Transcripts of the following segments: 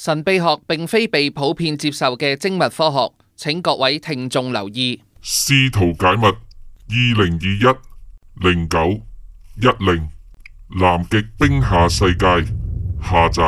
神秘學並非被普遍接受嘅精密科學，請各位聽眾留意。試圖解密二零二一零九一零，南極冰下世界下集。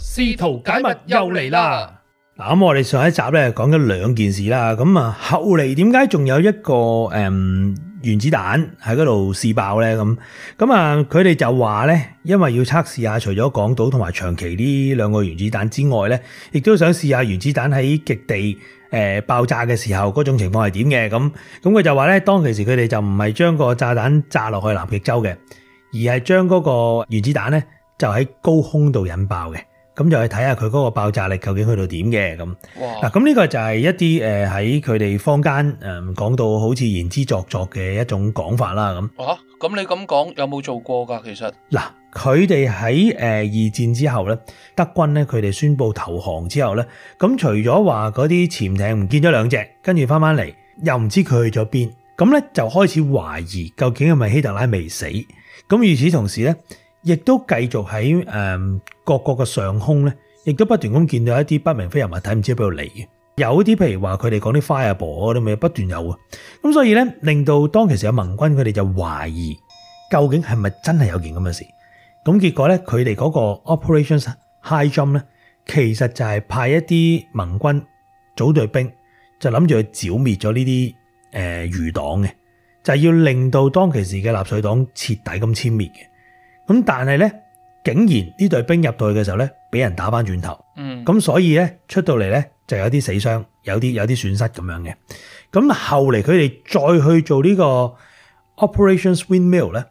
試圖解密又嚟啦！嗱咁，我哋上一集咧講緊兩件事啦，咁啊後嚟點解仲有一個誒？原子彈喺嗰度試爆咧咁，咁啊佢哋就話咧，因為要測試下除咗廣島同埋長崎呢兩個原子彈之外咧，亦都想試下原子彈喺極地誒爆炸嘅時候嗰種情況係點嘅咁。咁佢就話咧，當其時佢哋就唔係將個炸彈炸落去南極洲嘅，而係將嗰個原子彈咧就喺高空度引爆嘅。咁就去睇下佢嗰個爆炸力究竟去到點嘅咁。嗱，咁呢個就係一啲誒喺佢哋坊間誒講到好似言之鑿鑿嘅一種講法啦咁。啊，咁你咁講有冇做過㗎？其實嗱，佢哋喺誒二戰之後咧，德軍咧佢哋宣布投降之後咧，咁除咗話嗰啲潛艇唔見咗兩隻，跟住翻翻嚟又唔知佢去咗邊，咁咧就開始懷疑究竟係咪希特拉未死？咁與此同時咧。亦都繼續喺誒各國嘅上空咧，亦都不斷咁見到一啲不明飛行物體，唔知喺邊度嚟嘅。有啲譬如話佢哋講啲 fireball 都咪不斷有啊。咁所以咧，令到當其時嘅盟軍佢哋就懷疑究竟係咪真係有件咁嘅事。咁結果咧，佢哋嗰個 operations high jump 咧，其實就係派一啲盟軍組隊兵就諗住去剿滅咗呢啲誒餘黨嘅，就係要令到當其時嘅納粹黨徹底咁殲滅嘅。咁但係咧，竟然呢隊兵入到去嘅時候咧，俾人打翻轉頭，嗯，咁所以咧出到嚟咧就有啲死傷，有啲有啲損失咁樣嘅。咁後嚟佢哋再去做呢個 Operation Windmill 咧，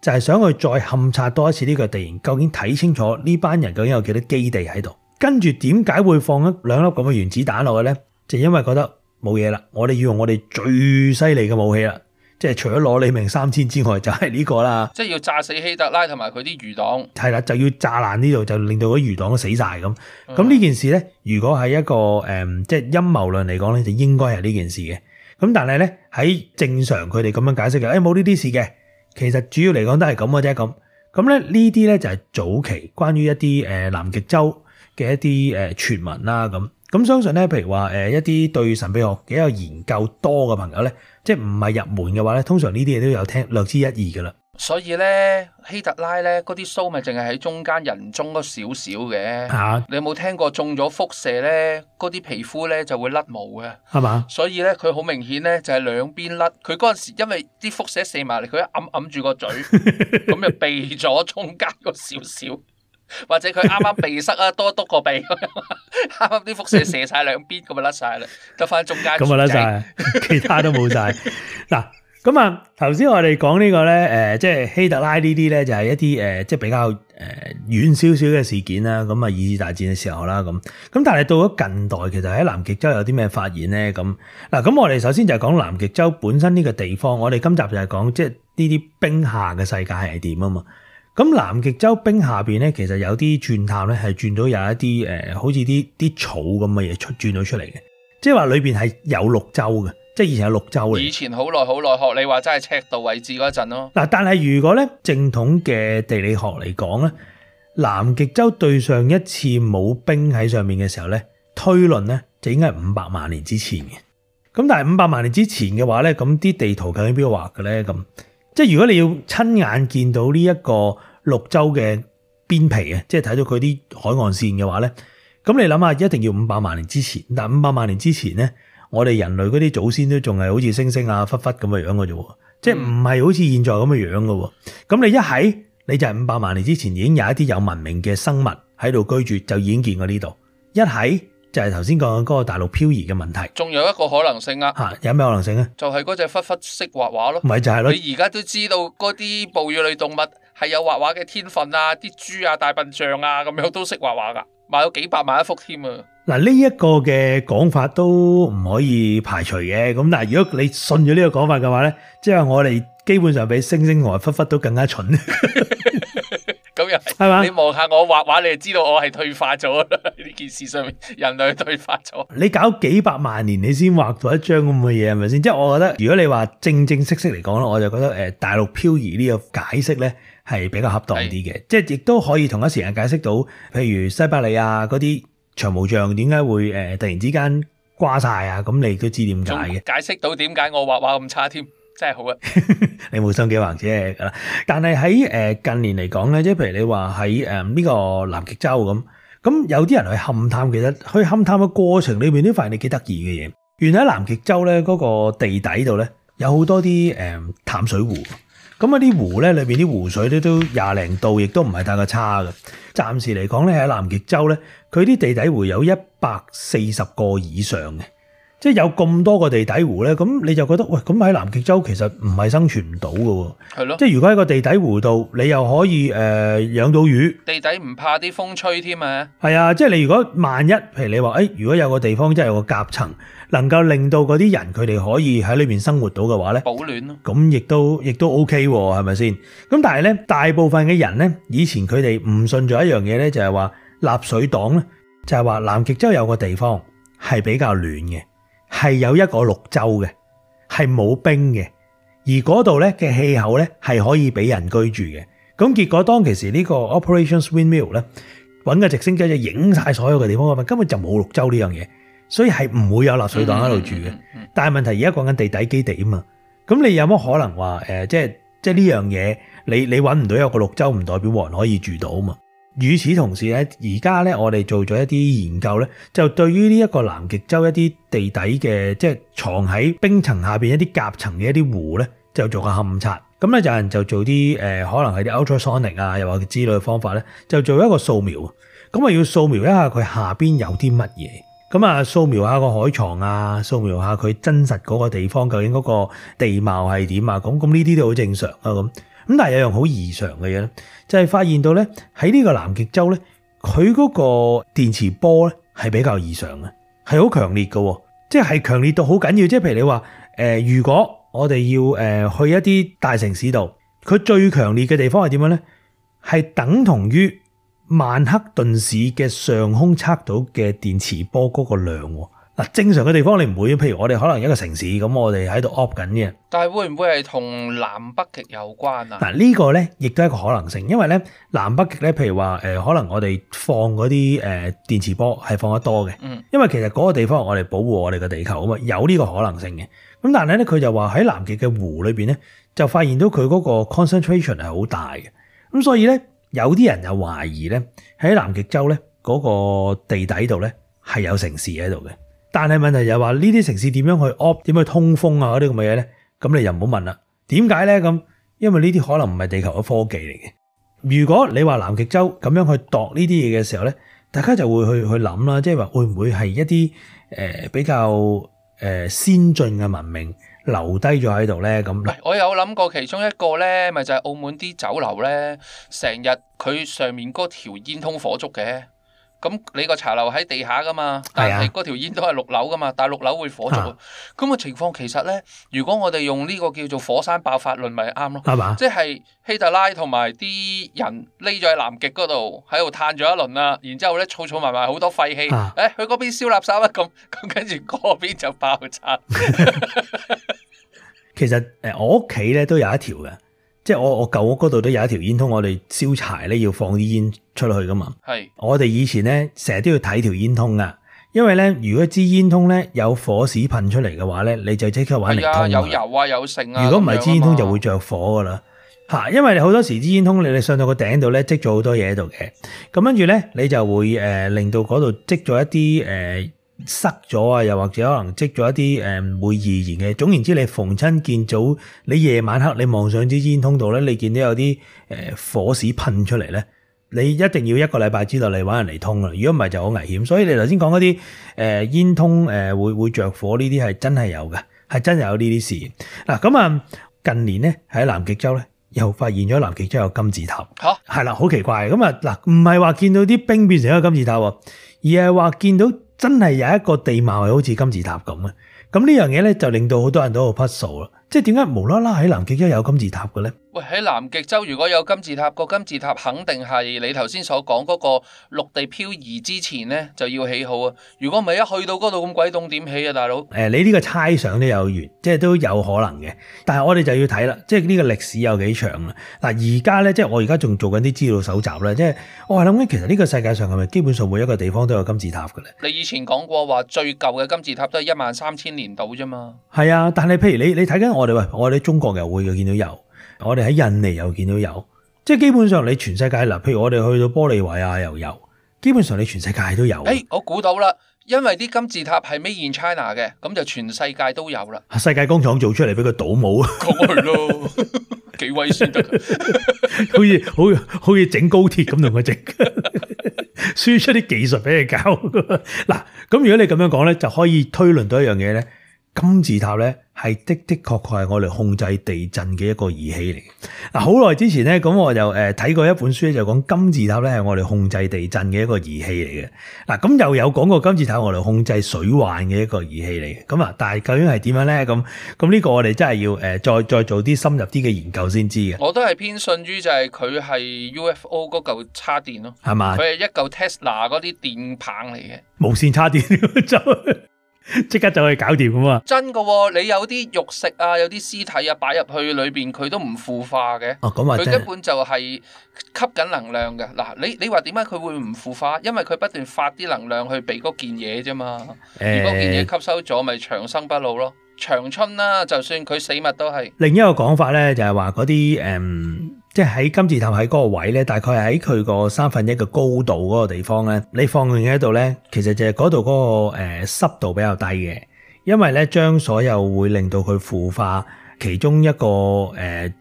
就係想去再勘察多一次呢個地形，究竟睇清楚呢班人究竟有幾多基地喺度？跟住點解會放一兩粒咁嘅原子彈落去咧？就因為覺得冇嘢啦，我哋要用我哋最犀利嘅武器啦。即係除咗攞你命三千之外，就係呢個啦。即係要炸死希特拉同埋佢啲餘黨。係啦，就要炸爛呢度，就令到嗰餘黨都死晒咁。咁呢件事咧，如果係一個誒、嗯，即係陰謀論嚟講咧，就應該係呢件事嘅。咁但係咧喺正常佢哋咁樣解釋嘅，誒冇呢啲事嘅。其實主要嚟講都係咁嘅啫。咁咁咧呢啲咧就係早期關於一啲誒、呃、南極洲嘅一啲誒、呃、傳聞啦咁。咁相信咧，譬如話誒，一啲對神秘學比較研究多嘅朋友咧，即係唔係入門嘅話咧，通常呢啲嘢都有聽略知一二㗎啦。所以咧，希特拉咧嗰啲鬚咪淨係喺中間人中嗰少少嘅吓。你有冇聽過中咗輻射咧？嗰啲皮膚咧就會甩毛嘅係嘛。所以咧，佢好明顯咧就係兩邊甩，佢嗰陣時因為啲輻射射埋嚟，佢一揞揞住個嘴，咁就避咗中間嗰少少。或者佢啱啱鼻塞啊，多篤個鼻，啱啱啲輻射射晒兩邊，咁啊甩晒啦，得翻中間。咁啊甩晒，其他都冇晒。嗱，咁啊，頭先我哋講呢個咧，誒，即係希特拉呢啲咧，就係一啲誒，即係比較誒遠少少嘅事件啦。咁啊，二次大戰嘅時候啦，咁咁，但係到咗近代，其實喺南極洲有啲咩發現咧？咁嗱，咁我哋首先就係講南極洲本身呢個地方，我哋今集就係講即係呢啲冰下嘅世界係點啊嘛。咁南極洲冰下邊咧，其實有啲鑽探咧係鑽到有一啲誒、呃，好似啲啲草咁嘅嘢出鑽到出嚟嘅，即係話裏邊係有綠洲嘅，即係以前有綠洲嘅。以前好耐好耐學你話真係赤道位置嗰陣咯。嗱，但係如果咧正統嘅地理學嚟講咧，南極洲對上一次冇冰喺上面嘅時候咧，推論咧就應該係五百萬年之前嘅。咁但係五百萬年之前嘅話咧，咁啲地圖究竟邊度畫嘅咧？咁即係如果你要親眼見到呢、這、一個。綠洲嘅邊皮啊，即係睇到佢啲海岸線嘅話咧，咁你諗下，一定要五百萬年之前，但五百萬年之前咧，我哋人類嗰啲祖先都仲係好似猩猩啊、狒狒咁嘅樣嘅啫喎，即係唔係好似現在咁嘅樣嘅喎，咁、嗯、你一喺你就係五百萬年之前已經有一啲有文明嘅生物喺度居住，就已經見過呢度，一喺就係頭先講嘅嗰個大陸漂移嘅問題，仲有一個可能性啊，吓，有咩可能性啊？就係嗰隻狒狒識畫畫咯，咪就係咯，你而家都知道嗰啲哺乳類動物。係有畫畫嘅天分啊！啲豬啊、大笨象啊咁樣都識畫畫噶，賣咗幾百萬一幅添啊！嗱，呢一個嘅講法都唔可以排除嘅。咁但係如果你信咗呢個講法嘅話咧，即係我哋基本上比星星外忽忽都更加蠢。咁 又係嘛？你望下我畫畫，你就知道我係退化咗啦。呢件事上面，人類退化咗。 你搞幾百萬年，你先畫到一張咁嘅嘢，係咪先？即係我覺得，如果你話正正式式嚟講咯，我就覺得誒、呃，大陸漂移呢個解釋咧。係比較恰當啲嘅，即係亦都可以同一時間解釋到，譬如西伯利亞嗰啲長毛象點解會誒突然之間瓜晒啊？咁你都知點解嘅？解釋到點解我畫畫咁差添？真係好啊！你冇心幾何啫啦。但係喺誒近年嚟講咧，即係譬如你話喺誒呢個南極洲咁，咁有啲人去勘探，其實去勘探嘅過程裏邊都發現你幾得意嘅嘢。原來喺南極洲咧嗰個地底度咧，有好多啲誒淡水湖。咁啊啲湖呢，裏面啲湖水咧都廿零度，亦都唔係太過差㗎。暫時嚟講呢，喺南極洲呢，佢啲地底湖有一百四十個以上嘅。即係有咁多個地底湖咧，咁你就覺得喂，咁喺南極洲其實唔係生存唔到㗎喎。係咯，即係如果喺個地底湖度，你又可以誒、呃、養到魚。地底唔怕啲風吹添啊。係啊，即係你如果萬一，譬如你話誒、哎、如果有個地方真係、就是、有個夾層，能夠令到嗰啲人佢哋可以喺裏面生活到嘅話咧，保暖咯。咁亦都亦都 O K 喎，係咪先？咁但係咧，大部分嘅人咧，以前佢哋唔信咗一樣嘢咧，就係、是、話納水黨咧，就係、是、話南極洲有個地方係比較暖嘅。係有一個綠洲嘅，係冇冰嘅，而嗰度咧嘅氣候咧係可以俾人居住嘅。咁結果當其時呢個 Operation Windmill 咧揾個直升機就影晒所有嘅地方，根本就冇綠洲呢樣嘢，所以係唔會有納粹黨喺度住嘅。但係問題而家講緊地底基地啊嘛，咁你有乜可能話、呃、即係即係呢樣嘢你你揾唔到有一個綠洲，唔代表冇人可以住到啊嘛？與此同時咧，而家咧我哋做咗一啲研究咧，就對於呢一個南極洲一啲地底嘅，即係藏喺冰層下面一啲夾層嘅一啲湖咧，就做個勘測。咁咧有人就做啲誒，可能係啲 ultrasonic 啊，又或者之類嘅方法咧，就做一個掃描。咁啊要掃描一下佢下邊有啲乜嘢，咁啊掃描下個海床啊，掃描下佢真實嗰個地方究竟嗰個地貌係點啊？咁咁呢啲都好正常啊咁。咁但係有一樣好異常嘅嘢咧，就係發現到咧喺呢個南極洲咧，佢嗰個電磁波咧係比較異常嘅，係好強烈嘅，即係強烈到好緊要。即係譬如你話誒，如果我哋要誒去一啲大城市度，佢最強烈嘅地方係點樣咧？係等同於曼克頓市嘅上空測到嘅電磁波嗰個量。嗱，正常嘅地方你唔會，譬如我哋可能一個城市咁，我哋喺度噏緊嘅。但係會唔會係同南北極有關啊？嗱，呢個咧亦都係一個可能性，因為咧南北極咧，譬如話可能我哋放嗰啲誒電磁波係放得多嘅，因為其實嗰個地方我哋保護我哋嘅地球啊嘛，有呢個可能性嘅。咁但係咧佢就話喺南極嘅湖裏面咧，就發現到佢嗰個 concentration 係好大嘅。咁所以咧，有啲人又懷疑咧喺南極洲咧嗰個地底度咧係有城市喺度嘅。但係問題又係話呢啲城市點樣去 op，點樣去通風啊嗰啲咁嘅嘢咧，咁你又唔好問啦。點解咧咁？因為呢啲可能唔係地球嘅科技嚟嘅。如果你話南極洲咁樣去度呢啲嘢嘅時候咧，大家就會去去諗啦，即係話會唔會係一啲誒比較誒先進嘅文明留低咗喺度咧？咁，我有諗過其中一個咧，咪就係澳門啲酒樓咧，成日佢上面嗰條煙通火燭嘅。咁你個茶樓喺地下噶嘛？但係嗰條煙都係六樓噶嘛、啊？但六樓會火燭。咁嘅、啊、情況其實呢，如果我哋用呢個叫做火山爆發論，咪啱咯。即係希特拉同埋啲人匿咗喺南極嗰度，喺度嘆咗一輪啦。然之後呢，儲儲埋埋好多廢氣。誒、啊，佢、哎、嗰邊燒垃圾啊！咁咁跟住嗰邊就爆炸。 其實我屋企呢都有一條嘅。即係我我舊屋嗰度都有一條煙通，我哋燒柴咧要放啲煙出去噶嘛，係我哋以前咧，成日都要睇條煙通噶，因為咧如果支煙通咧有火屎噴出嚟嘅話咧，你就即刻玩嚟通。有油啊，有剩啊。如果唔係支煙通就會着火噶啦。吓，因為你好多時支煙通你哋上到個頂度咧積咗好多嘢喺度嘅，咁跟住咧你就會誒、呃、令到嗰度積咗一啲誒。呃塞咗啊，又或者可能積咗一啲唔、嗯、會易燃嘅。總言之，你逢親見早，你夜晚黑你望上支煙通度咧，你見到有啲、呃、火屎噴出嚟咧，你一定要一個禮拜之內你搵人嚟通啦。如果唔係就好危險。所以你頭先講嗰啲誒煙通誒、呃、會會着火呢啲係真係有嘅，係真係有呢啲事。嗱咁啊，近年咧喺南極洲咧又發現咗南極洲有金字塔吓，係啦，好、啊、奇怪咁啊嗱，唔係話見到啲冰變成一個金字塔喎，而係話見到。真係有一個地貌係好似金字塔咁嘅，咁呢樣嘢咧就令到好多人都好 puzzle 啦。即係點解無啦啦喺南極洲有金字塔嘅咧？喂，喺南極洲如果有金字塔，個金字塔肯定係你頭先所講嗰個陸地漂移之前咧就要起好啊！如果唔係一去到嗰度咁鬼凍，點起啊，大佬？誒、呃，你呢個猜想都有緣，即係都有可能嘅。但係我哋就要睇啦，即係呢個歷史有幾長啦。嗱，而家咧，即係我而家仲做緊啲資料搜集咧，即係我係諗緊，其實呢個世界上係咪基本上每一個地方都有金字塔嘅咧？你以前講過話最舊嘅金字塔都係一萬三千年度啫嘛？係啊，但係譬如你你睇緊。我哋喂，我哋中國又會又見到有，我哋喺印尼又見到有，即係基本上你全世界嗱，譬如我哋去到玻利維亞又有，基本上你全世界都有。誒、hey，我估到啦，因為啲金字塔係 made in China 嘅，咁就全世界都有啦。世界工廠做出嚟俾佢倒模啊，咁咯，幾 威先得， 好似好好似整高鐵咁同佢整，輸 出啲技術俾你搞。嗱，咁如果你咁樣講咧，就可以推論到一樣嘢咧，金字塔咧。係的的確確係我哋控制地震嘅一個儀器嚟。嗱，好耐之前咧，咁我就誒睇過一本書，就講金字塔咧係我哋控制地震嘅一個儀器嚟嘅。嗱，咁又有講過金字塔我哋控制水患嘅一個儀器嚟嘅。咁啊，但係究竟係點樣咧？咁咁呢個我哋真係要誒再再做啲深入啲嘅研究先知嘅。我都係偏信於就係佢係 UFO 嗰嚿叉電咯，係嘛？佢係一嚿 Tesla 嗰啲電棒嚟嘅，無線叉電就。 即刻就可以搞掂咁啊！真噶，你有啲肉食啊，有啲屍體啊，擺入去裏邊，佢都唔腐化嘅。哦，咁啊，佢根本就係吸緊能量嘅。嗱，你你話點解佢會唔腐化？因為佢不斷發啲能量去俾嗰件嘢啫嘛。如果件嘢吸收咗，咪長生不老咯，長春啦。就算佢死物都係。另一個講法呢，就係話嗰啲誒。即係喺金字塔喺嗰個位咧，大概喺佢個三分一嘅高度嗰個地方咧，你放佢喺度咧，其實就係嗰度嗰個誒濕度比較低嘅，因為咧，將所有會令到佢腐化，其中一個誒原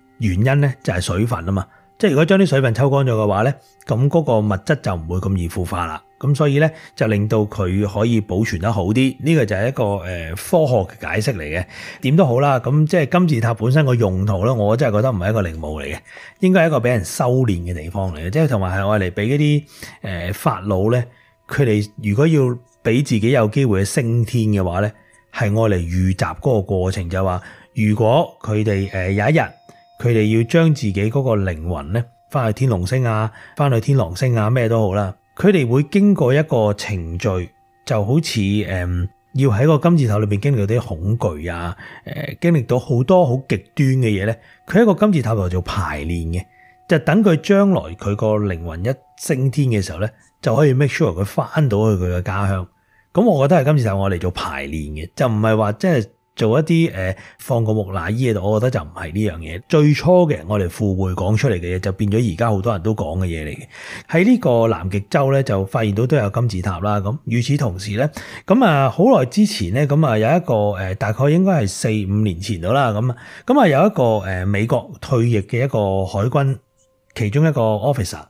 因咧就係水分啊嘛。即係如果將啲水分抽乾咗嘅話咧，咁嗰個物質就唔會咁易腐化啦。咁所以咧就令到佢可以保存得好啲。呢個就係一個誒科學嘅解釋嚟嘅。點都好啦，咁即係金字塔本身個用途咧，我真係覺得唔係一個陵墓嚟嘅，應該係一個俾人修煉嘅地方嚟嘅。即係同埋係攞嚟俾啲誒法老咧，佢哋如果要俾自己有機會升天嘅話咧，係攞嚟預習嗰個過程就係話，如果佢哋誒有一日。佢哋要將自己嗰個靈魂咧，翻去天龍星啊，翻去天狼星啊，咩都好啦。佢哋會經過一個程序，就好似誒、嗯，要喺、呃、個金字塔裏邊經歷到啲恐懼啊，誒，經歷到好多好極端嘅嘢咧。佢喺個金字塔度做排練嘅，就等佢將來佢個靈魂一升天嘅時候咧，就可以 make sure 佢翻到去佢嘅家鄉。咁我覺得係金字塔我嚟做排練嘅，就唔係話即係。做一啲誒放個木乃伊嘅，我覺得就唔係呢樣嘢。最初嘅我哋附會講出嚟嘅嘢，就變咗而家好多人都講嘅嘢嚟嘅。喺呢個南極洲咧，就發現到都有金字塔啦。咁與此同時咧，咁啊好耐之前咧，咁啊有一個誒大概應該係四五年前到啦。咁咁啊有一個誒美國退役嘅一個海軍其中一個 officer，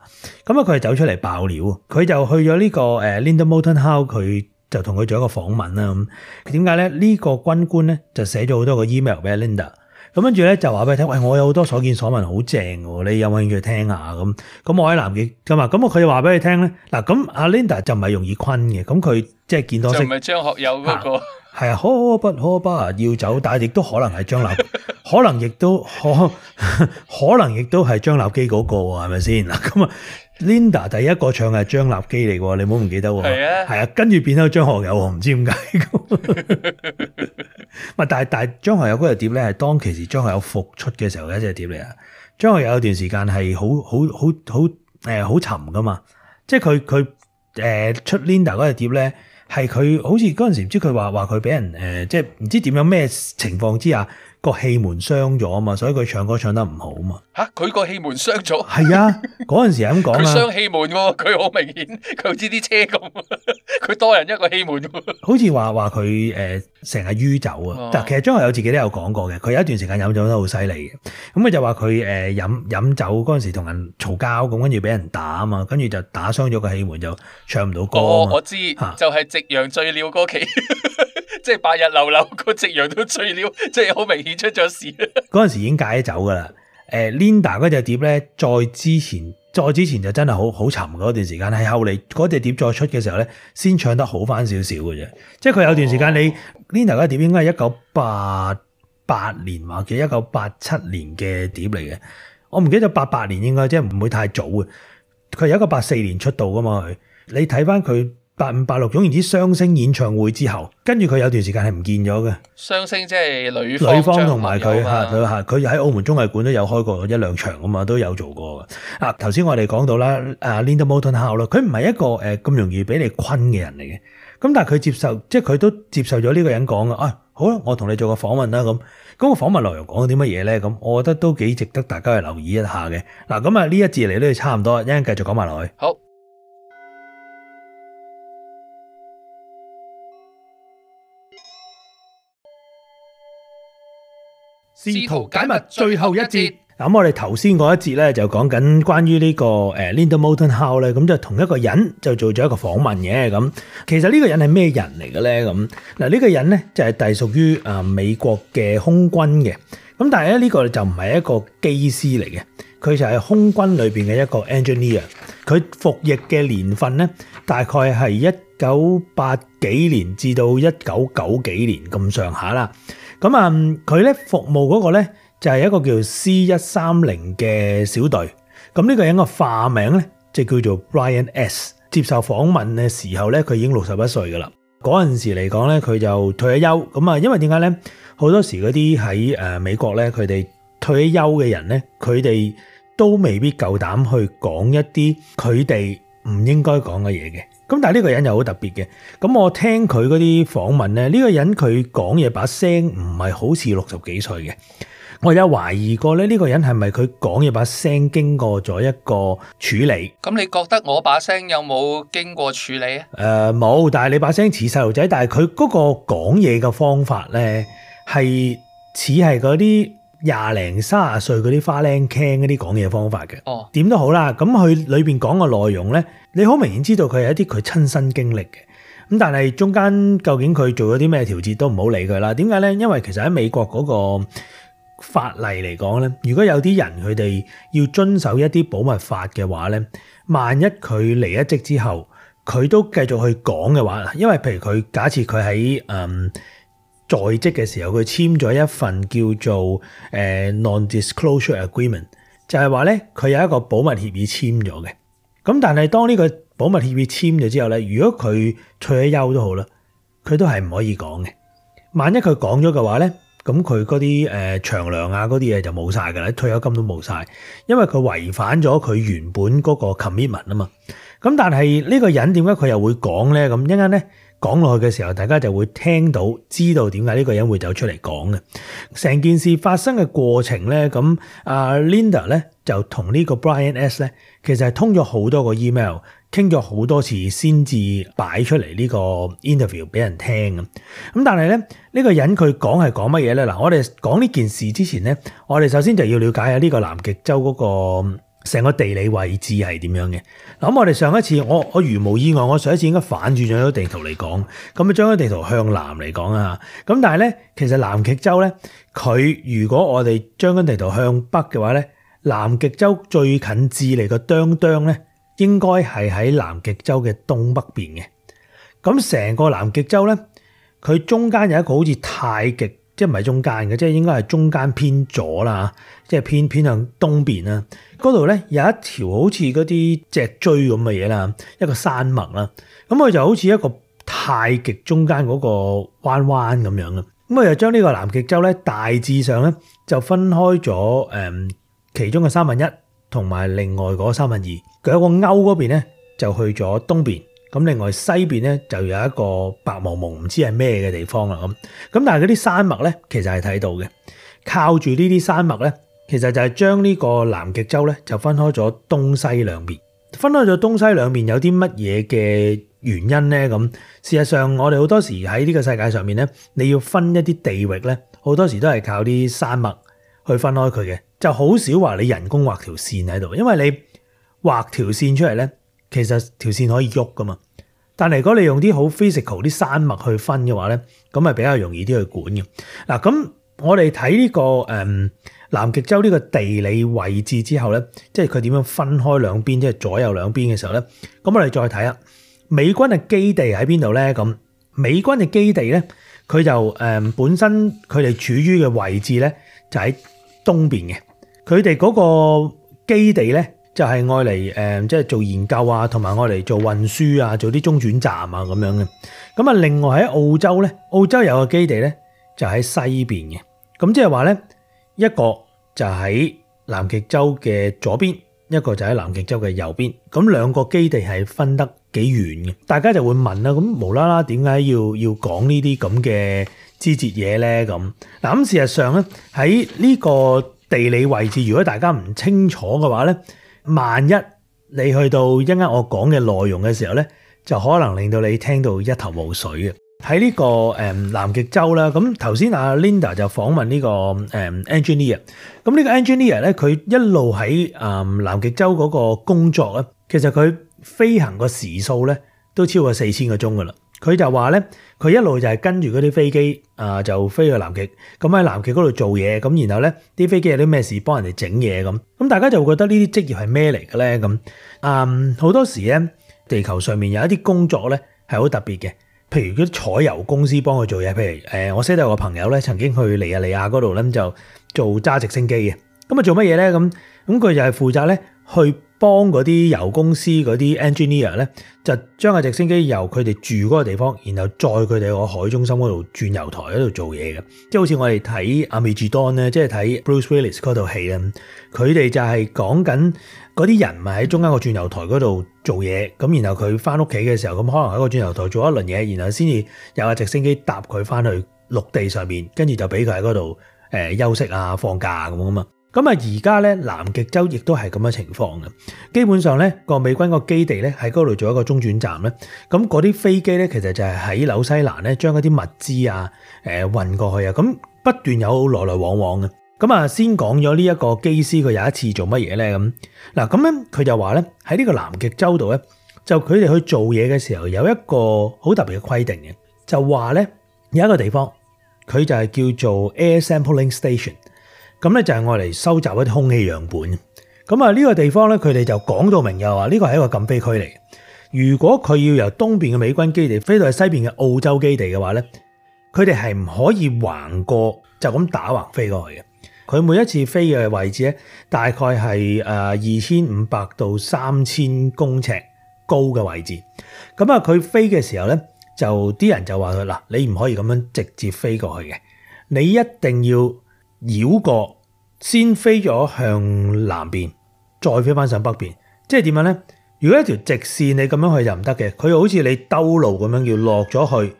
咁啊佢係走出嚟爆料，佢就去咗呢個 Linda Moulton Howe 佢。就同佢做一個訪問啦咁，點解咧？呢、這個軍官咧就寫咗好多個 email 俾阿 Linda，咁跟住咧就話俾佢聽，喂，我有好多所見所聞，好正喎。你有，冇興趣聽下咁？咁我喺南極，咁啊，咁佢又話俾佢聽咧，嗱，咁阿 Linda 就唔係容易坤嘅，咁佢即係見到你，就唔係張學友嗰、那個。 係啊，可不可不要走，但係亦都可能係張立， 可能亦都可，可能亦都係張立基嗰個係咪先？咁啊，Linda 第一個唱嘅係張立基嚟嘅，你唔好唔記得。係啊，啊，跟住變咗張學友，唔知點解。咁 啊， 但係但係張學友嗰隻碟咧，係當其時張學友復出嘅時候嘅一隻碟嚟啊！張學友有段時間係好好好好誒好沉噶嘛，即係佢佢誒出 Linda 嗰隻碟咧。係佢好似嗰陣時，唔、呃、知佢話話佢畀人誒，即係唔知點樣咩情況之下，個氣門傷咗啊嘛，所以佢唱歌唱得唔好啊嘛。吓，佢個氣門傷咗？係啊，嗰陣、啊、 時係咁講。佢傷氣門、啊，佢好明顯，佢好似啲車咁。佢多人一個氣門、啊。好似話話佢誒成日酗酒啊，嗯、但其實張學友自己都有講過嘅，佢有一段時間飲酒都好犀利嘅。咁佢就話佢誒飲飲酒嗰陣時同人嘈交咁，跟住俾人打啊嘛，跟住就打傷咗個氣門，就唱唔到歌、哦。我知、啊，就係、是、夕陽醉了嗰期，即 係白日流流個夕陽都醉了，即係好明顯。出咗事，嗰陣時已經戒咗走噶啦。誒，Linda 嗰隻碟咧，再之前，再之前就真係好好沉嗰段時間，係後嚟嗰隻碟再出嘅時候咧，先唱得好翻少少嘅啫。即係佢有段時間，你、oh. Linda 嗰隻碟應該係一九八八年或者一九八七年嘅碟嚟嘅，我唔記得咗八八年應該，即係唔會太早啊。佢有一個八四年出道噶嘛，佢你睇翻佢。八五八六，總言之，雙星演唱會之後，跟住佢有段時間係唔見咗嘅。雙星即係女方，女方同埋佢嚇，佢、啊、嚇，佢喺澳門綜藝館都有開過一兩場啊嘛，都有做過嘅、嗯。啊，頭先我哋講到啦，啊 Linda Moulton Howe，佢唔係一個咁、呃、容易俾你坤嘅人嚟嘅。咁但係佢接受，即係佢都接受咗呢個人講嘅。啊、哎，好啦，我同你做個訪問啦。咁，咁個訪問內容講咗啲乜嘢咧？咁，我覺得都幾值得大家去留意一下嘅。嗱，咁啊，呢一節嚟都係差唔多，一陣繼續講埋落去。好。試圖解密最後一節。咁我哋頭先嗰一節咧就講緊關於呢、這個誒 Linda Moulton Howe 咧，咁、欸、就同一個人就做咗一個訪問嘅。咁其實呢個人係咩人嚟嘅咧？咁嗱呢個人咧就係隸屬於啊美國嘅空軍嘅。咁但係咧呢、這個就唔係一個機師嚟嘅，佢就係空軍裏邊嘅一個 engineer。佢服役嘅年份咧大概係一九八幾年至到一九九幾年咁上下啦。咁啊，佢咧服務嗰個咧就係一個叫 C 一三零嘅小隊。咁呢個人個化名咧，即係叫做 Brian S。接受訪問嘅時候咧，佢已經六十一歲噶啦。嗰陣時嚟講咧，佢就退咗休。咁啊，因為點解咧？好多時嗰啲喺美國咧，佢哋退咗休嘅人咧，佢哋都未必夠膽去講一啲佢哋唔應該講嘅嘢嘅。咁但係呢個人又好特別嘅，咁我聽佢嗰啲訪問咧，呢個人佢講嘢把聲唔係好似六十幾歲嘅，我有懷疑過咧，呢個人係咪佢講嘢把聲經過咗一個處理？咁你覺得我把聲有冇經過處理啊？呃、冇，但係你把聲似細路仔，但係佢嗰個講嘢嘅方法咧係似係嗰啲。廿零三十歲嗰啲花靚傾嗰啲講嘢方法嘅，哦、oh.，點都好啦。咁佢裏邊講嘅內容咧，你好明顯知道佢係一啲佢親身經歷嘅。咁但係中間究竟佢做咗啲咩調節都唔好理佢啦。點解咧？因為其實喺美國嗰個法例嚟講咧，如果有啲人佢哋要遵守一啲保密法嘅話咧，萬一佢離一職之後，佢都繼續去講嘅話，因為譬如佢假設佢喺嗯，在職嘅時候，佢簽咗一份叫做誒 non-disclosure agreement，就係話咧，佢有一個保密協議簽咗嘅。咁但係當呢個保密協議簽咗之後咧，如果佢退咗休都好啦，佢都係唔可以講嘅。萬一佢講咗嘅話咧，咁佢嗰啲誒長糧啊嗰啲嘢就冇晒㗎啦，退休金都冇晒，因為佢違反咗佢原本嗰個 commitment 啊嘛。咁但係呢個人點解佢又會講咧？咁一陣間咧，講落去嘅時候，大家就會聽到知道點解呢個人會走出嚟講嘅。成件事發生嘅過程咧，咁阿 Linda 咧就同呢個 Brian S 咧，其實係通咗好多個 email，傾咗好多次先至擺出嚟呢個 interview 俾人聽。咁但係咧，呢個人佢講係講乜嘢咧？嗱，我哋講呢件事之前咧，我哋首先就要了解下呢個南極洲嗰個。成個地理位置係點樣嘅？咁我哋上一次我我如無意外，我上一次應該反轉咗個地圖嚟講，咁啊將個地圖向南嚟講啊，咁但係咧，其實南極洲咧，佢如果我哋將個地圖向北嘅話咧，南極洲最近智利嗰笪笪咧，應該係喺南極洲嘅東北邊嘅。咁成個南極洲咧，佢中間有一個好似太極。即係唔係中間嘅，即係應該係中間偏左啦，即係偏偏向東邊啦。嗰度咧，有一條好似嗰啲脊椎咁嘅嘢啦，一個山脈啦。咁佢就好似一個太極中間嗰個彎彎咁樣啦。咁佢就將呢個南極洲咧，大致上咧就分開咗，誒其中嘅三分一同埋另外嗰三分二，佢有個歐嗰邊咧就去咗東邊。咁另外西邊咧就有一個白茫茫唔知係咩嘅地方啦，咁，咁但係嗰啲山脈咧其實係睇到嘅，靠住呢啲山脈咧，其實就係將呢個南極洲咧就分開咗東西兩邊，分開咗東西兩邊有啲乜嘢嘅原因咧咁？事實上我哋好多時喺呢個世界上面咧，你要分一啲地域咧，好多時都係靠啲山脈去分開佢嘅，就好少話你人工畫條線喺度，因為你畫條線出嚟咧。其實條線可以喐噶嘛，但係如果你用啲好 physical 啲山脈去分嘅話咧，咁咪比較容易啲去管嘅。嗱、這個，咁我哋睇呢個誒南極洲呢個地理位置之後咧，即係佢點樣分開兩邊，即係左右兩邊嘅時候咧，咁我哋再睇下美軍嘅基地喺邊度咧。咁美軍嘅基地咧，佢就誒、嗯、本身佢哋處於嘅位置咧，就喺、是、東邊嘅。佢哋嗰個基地咧。就係愛嚟誒，即係做研究啊，同埋愛嚟做運輸啊，做啲中轉站啊咁樣嘅。咁啊，另外喺澳洲咧，澳洲有個基地咧，就喺西邊嘅。咁即係話咧，一個就喺南極洲嘅左邊，一個就喺南極洲嘅右邊。咁兩個基地係分得幾遠嘅，大家就會問啦。咁無啦啦，點解要要講呢啲咁嘅枝節嘢咧？咁嗱，咁事實上咧，喺呢個地理位置，如果大家唔清楚嘅話咧，萬一你去到一陣間我講嘅內容嘅時候咧，就可能令到你聽到一頭霧水嘅。喺呢個南極洲咧，咁頭先阿 Linda 就訪問呢個 engineer，咁呢個 engineer 咧，佢一路喺南極洲嗰個工作，其實佢飛行個時數咧都超過四千個鐘噶啦，佢就話咧。佢一路就係跟住嗰啲飛機，啊就飛去南極，咁喺南極嗰度做嘢，咁然後咧啲飛機有啲咩事幫人哋整嘢咁，咁大家就會覺得呢啲職業係咩嚟嘅咧咁，啊、嗯、好多時咧地球上面有一啲工作咧係好特別嘅，譬如啲採油公司幫佢做嘢，譬如誒我識得個朋友咧曾經去尼日利亞嗰度咧就做揸直升機嘅，咁啊做乜嘢咧咁咁佢就係負責咧去。幫嗰啲油公司嗰啲 engineer 咧，就將個直升機由佢哋住嗰個地方，然後載佢哋去海中心嗰度轉油台嗰度做嘢嘅。即係好似我哋睇阿美治丹咧，即係睇 Bruce Willis 嗰套戲啦。佢哋就係講緊嗰啲人咪喺中間轉個轉油台嗰度做嘢，咁然後佢翻屋企嘅時候，咁可能喺個轉油台做一輪嘢，然後先至有個直升機搭佢翻去陸地上面，跟住就俾佢喺嗰度誒休息啊放假咁咁嘛。咁啊，而家咧，南極洲亦都係咁嘅情況嘅。基本上咧，個美軍個基地咧喺嗰度做一個中轉站咧。咁嗰啲飛機咧，其實就係喺紐西蘭咧，將一啲物資啊，誒、呃、運過去啊。咁不斷有來來往往嘅。咁啊，先講咗呢一個機師佢有一次做乜嘢咧？咁嗱，咁樣佢就話咧，喺呢個南極洲度咧，就佢哋去做嘢嘅時候，有一個好特別嘅規定嘅，就話咧有一個地方佢就係叫做 Air Sampling Station。咁咧就係我嚟收集一啲空氣樣本。咁啊呢個地方咧，佢哋就講到明又話呢個係一個禁飛區嚟。如果佢要由東邊嘅美軍基地飛到去西邊嘅澳洲基地嘅話咧，佢哋係唔可以橫過就咁打橫飛過去嘅。佢每一次飛嘅位置咧，大概係誒二千五百到三千公尺高嘅位置。咁啊，佢飛嘅時候咧，就啲人就話佢嗱，你唔可以咁樣直接飛過去嘅，你一定要。繞過先飛咗向南邊，再飛翻上北邊，即係點樣呢？如果一條直線你咁樣去就唔得嘅，佢好似你兜路咁樣，要落咗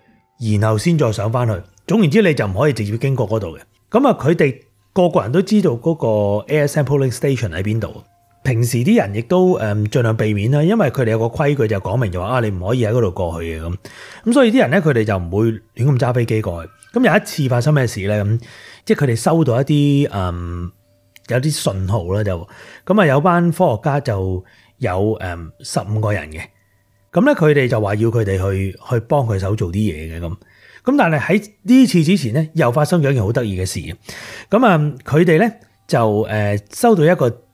去，然後先再上翻去。總言之，你就唔可以直接經過嗰度嘅。咁啊，佢哋個個人都知道嗰個 Air Sampling Station 喺邊度。平時啲人亦都誒盡量避免啦，因為佢哋有個規矩就講明就話啊，你唔可以喺嗰度過去嘅咁。咁所以啲人咧，佢哋就唔會亂咁揸飛機過去。咁有一次發生咩事咧？咁即係佢哋收到一啲誒、嗯、有啲信號啦，就咁啊有班科學家就有誒十五個人嘅。咁咧佢哋就話要佢哋去去幫佢手做啲嘢嘅咁。咁但係喺呢次之前咧，又發生咗一件好得意嘅事。咁啊佢哋咧就誒收到一個。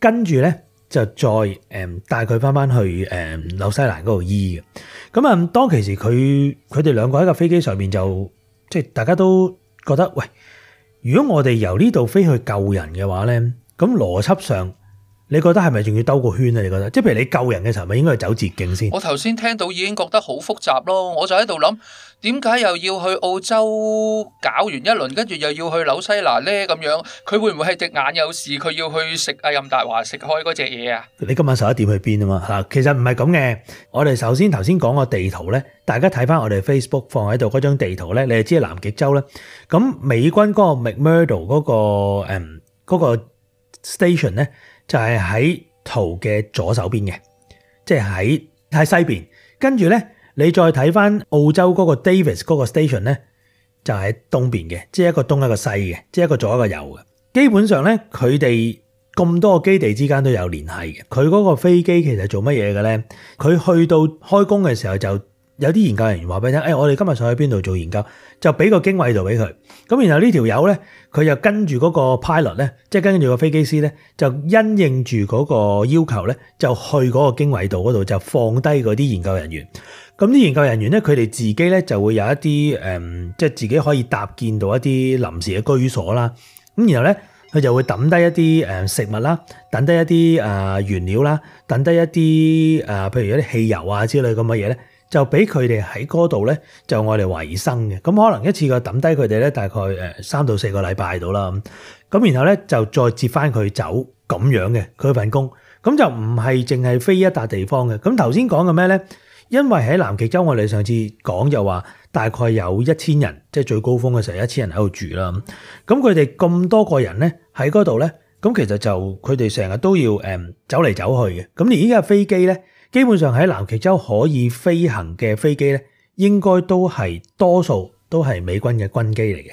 跟住咧就再誒帶佢翻翻去誒、嗯、紐西蘭嗰度醫嘅。咁啊，當其時佢佢哋兩個喺架飛機上面，就即係大家都覺得，喂，如果我哋由呢度飛去救人嘅話咧，咁邏輯上。你覺得係咪仲要兜個圈啊？你覺得，即係譬如你救人嘅時候，咪應該係走捷徑先？我頭先聽到已經覺得好複雜咯，我就喺度諗點解又要去澳洲搞完一輪，跟住又要去紐西蘭咧咁樣？佢會唔會係隻眼有事？佢要去食阿任達華食開嗰隻嘢啊？你今晚十一點去邊啊？嘛，嗱，其實唔係咁嘅。我哋首先頭先講個地圖咧，大家睇翻我哋 Facebook 放喺度嗰張地圖咧，你就知南極洲咧，咁美軍嗰個 McMurdo 嗰個誒嗰個 station 咧。就係喺圖嘅左手邊嘅，即係喺喺西邊。跟住咧，你再睇翻澳洲嗰個 Davis 嗰個 station 咧，就係喺東邊嘅，即係一個東一個西嘅，即係一個左一個右嘅。基本上咧，佢哋咁多個基地之間都有聯繫嘅。佢嗰個飛機其實做乜嘢嘅咧？佢去到開工嘅時候就。有啲研究人員話俾你聽，哎，我哋今日上去邊度做研究，就俾個經緯度俾佢。咁然後呢條友咧，佢就跟住嗰個 pilot 咧，即係跟住個飛機師咧，就因應住嗰個要求咧，就去嗰個經緯度嗰度就放低嗰啲研究人員。咁啲研究人員咧，佢哋自己咧就會有一啲誒，即係自己可以搭建到一啲臨時嘅居所啦。咁然後咧，佢就會抌低一啲食物啦，抌低一啲原料啦，抌低一啲誒，譬如一啲汽油啊之類嘅嘢咧。就俾佢哋喺嗰度咧，就我哋維生嘅。咁可能一次過抌低佢哋咧，大概誒三到四個禮拜到啦。咁然後咧，就再接翻佢走咁樣嘅佢份工。咁就唔係淨係飛一笪地方嘅。咁頭先講嘅咩咧？因為喺南極洲，我哋上次講就話大概有一千人，即係最高峰嘅時候一千人喺度住啦。咁佢哋咁多個人咧喺嗰度咧，咁其實就佢哋成日都要誒走嚟走去嘅。咁而依家飛機咧。基本上喺南極洲可以飛行嘅飛機咧，應該都係多數都係美軍嘅軍機嚟嘅，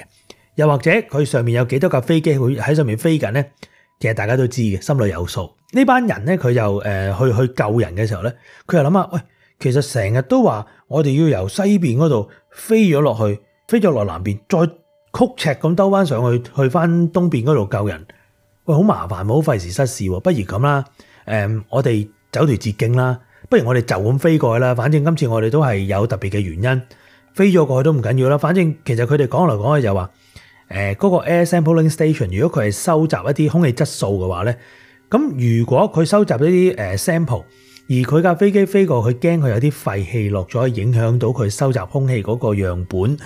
又或者佢上面有幾多架飛機會喺上面飛緊咧？其實大家都知嘅，心裏有數。呢班人咧，佢又、呃、去去救人嘅時候咧，佢又諗下，喂，其實成日都話我哋要由西邊嗰度飛咗落去，飛咗落南邊，再曲尺咁兜翻上去，去翻東邊嗰度救人，喂，好麻煩，好費時失事喎，啊，不如咁啦，呃，我哋走條捷徑啦。不如我哋就咁飛過去啦，反正今次我哋都係有特別嘅原因飛咗過去都唔緊要啦。反正其實佢哋講嚟講去就話，誒嗰個 air sampling station 如果佢係收集一啲空氣質素嘅話咧，咁如果佢收集一啲 sample，呃，而佢架飛機飛過去，驚佢有啲廢氣落咗，影響到佢收集空氣嗰個樣本，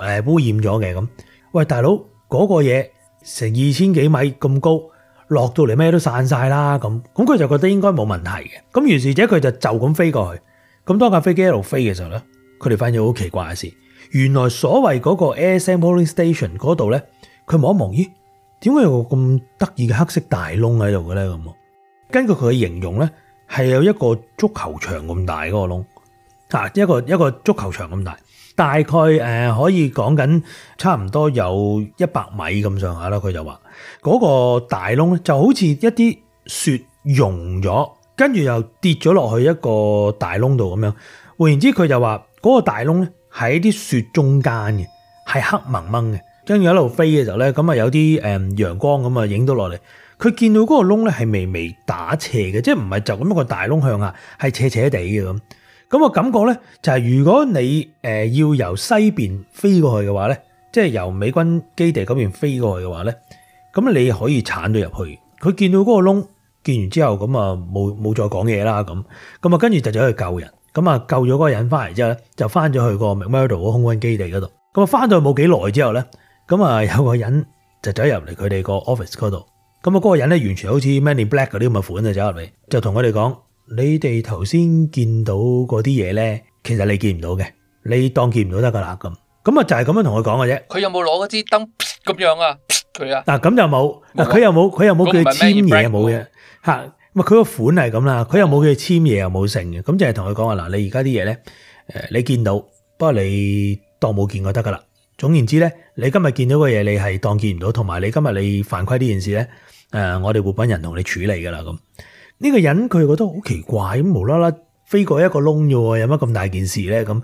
呃，污染咗嘅咁。喂，大佬嗰個嘢成二千幾米咁高。落到嚟咩都散晒啦，咁咁佢就覺得應該冇問題嘅。咁於是者佢就就咁飛過去。咁當架飛機一路飛嘅時候咧，佢哋發現好奇怪嘅事。原來所謂嗰個 Air Sampling Station 嗰度咧，佢望一望，咦？點解有個咁得意嘅黑色大窿喺度嘅咧？咁根據佢嘅形容咧，係有一個足球場咁大嗰個窿，啊，一個一個足球場咁大。大概誒、呃、可以講緊差唔多有一百米咁上下啦，佢就話嗰個大窿咧就好似一啲雪融咗，跟住又跌咗落去一個大窿度咁樣。換言之，佢就話嗰個大窿咧喺啲雪中間嘅，係黑蒙蒙嘅。跟住喺度飛嘅時候咧，咁啊有啲誒陽光咁啊影到落嚟，佢見到嗰個窿咧係微微打斜嘅，即係唔係就咁一個大窿向啊，係斜斜地嘅咁。咁我感覺咧就係如果你要由西邊飛過去嘅話咧，即係由美軍基地嗰邊飛過去嘅話咧，咁你可以鏟到入去。佢見到嗰個窿，見完之後咁啊冇冇再講嘢啦咁。咁啊跟住就走去救人。咁啊救咗嗰個人翻嚟之後咧，就翻咗去個 McMurdo 嗰空軍基地嗰度。咁啊翻去冇幾耐之後咧，咁啊有個人就走入嚟佢哋個 office 嗰度。咁啊嗰個人咧完全好似 Men in Black 嗰啲咁嘅款啊走入嚟，就同佢哋講。你哋頭先見到嗰啲嘢咧，其實你見唔到嘅，你當見唔到得噶啦。咁咁啊，就係咁樣同佢講嘅啫。佢有冇攞支燈咁樣啊？佢啊，嗱咁就冇，嗱佢又冇，佢又冇叫佢簽嘢冇嘅吓。佢個款係咁啦，佢又冇叫佢簽嘢又冇剩嘅。咁就係同佢講話，嗱你而家啲嘢咧，誒、嗯、你見到，不過你當冇見過得噶啦。總言之咧，你今日見到嘅嘢，你係當見唔到，同埋你今日你犯規呢件事咧，誒我哋會搵人同你處理噶啦咁。呢個人佢覺得好奇怪咁無啦啦飛過一個窿嘅喎，有乜咁大件事咧？咁